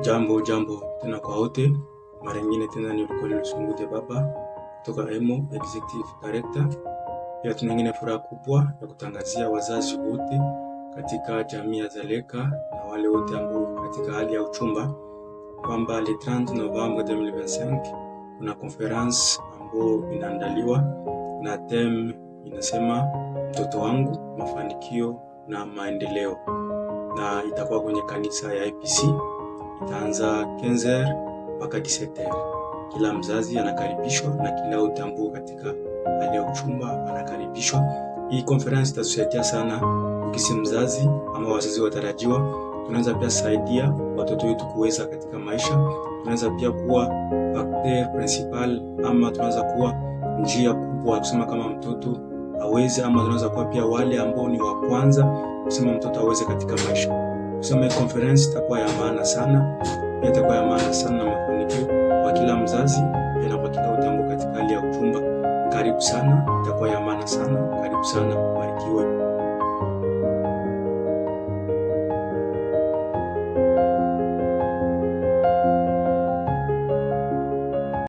Jambo jambo tena kwa wote, mara nyingine tena ni Lukolelo Sungute Baba kutoka Emo Executive Director. Pia tuna ingine furaha kubwa ya kutangazia wazazi wote katika jamii ya Zaleka na wale wote ambao katika hali ya uchumba kwamba le 30 Novembre 2025 kuna conference ambayo inaandaliwa na tem inasema mtoto wangu mafanikio na maendeleo, na itakuwa kwenye kanisa ya APC itaanza 15h mpaka 17h. Kila mzazi anakaribishwa na kila utambuo katika hali ya uchumba anakaribishwa. Hii conference itasaidia sana, ukisi mzazi ama wazazi watarajiwa, tunaweza pia saidia watoto wetu kuweza katika maisha. Tunaweza pia kuwa facteur principal ama tunaweza kuwa njia kubwa kusema kama mtoto aweze ama tunaweza kuwa pia wale ambao ni wa kwanza kusema mtoto aweze katika maisha kusema conference itakuwa ya maana sana, pia itakuwa ya maana sana na mafanikio kwa kila mzazi na kwa kila utango katika hali ya uchumba. Karibu sana, itakuwa ya maana sana. Karibu sana, ubarikiwe.